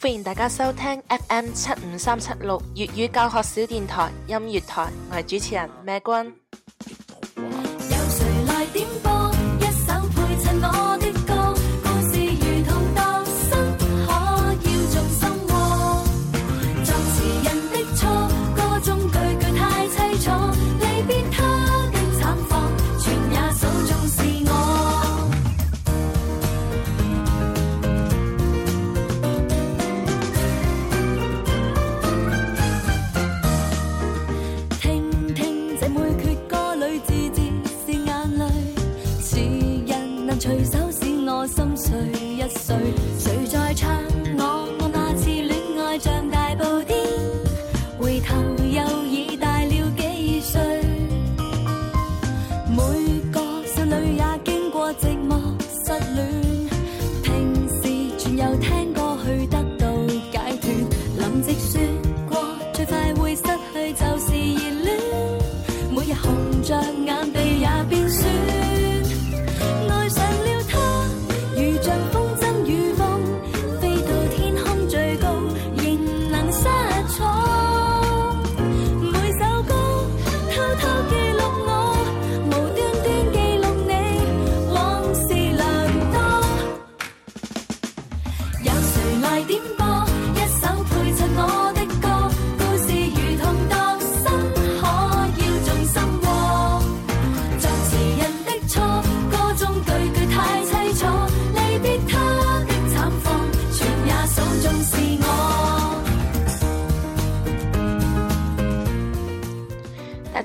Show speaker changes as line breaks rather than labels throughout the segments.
歡迎大家收聽 FM 七五三七六粵語教學小電台，音樂台，我係主持人咩君。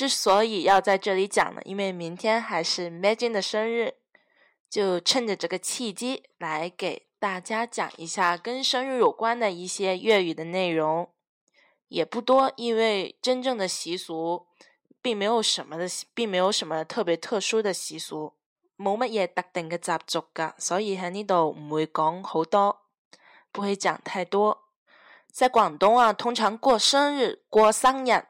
之所以要在這裡講呢，因為明天還是 Maggie 的生日，就趁着這個契機來給大家講一下跟生日有關的一些粵語的內容，也不多，因為真正的習俗並沒有什麼的，並沒有什麼特別特殊的習俗，冇乜嘢特定嘅習俗噶，所以喺呢度唔會講好多，不會講太多。在廣東啊，通常過生日過生日。